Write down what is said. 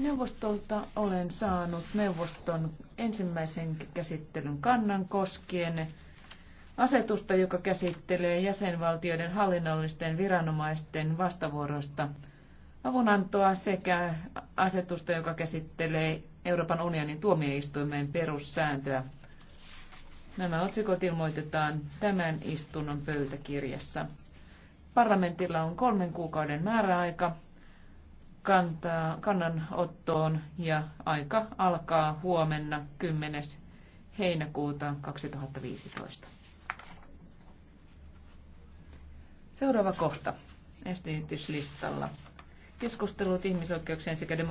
Neuvostolta olen saanut neuvoston ensimmäisen käsittelyn kannan koskien asetusta, joka käsittelee jäsenvaltioiden hallinnollisten viranomaisten vastavuoroista avunantoa sekä asetusta, joka käsittelee Euroopan unionin tuomioistuimen perussääntöä. Nämä otsikot ilmoitetaan tämän istunnon pöytäkirjassa. Parlamentilla on kolmen kuukauden määräaika kantaa, kannanottoon ja aika alkaa huomenna 10. heinäkuuta 2015. Seuraava kohta esityslistalla. Keskustelut ihmisoikeuksien sekä demokratian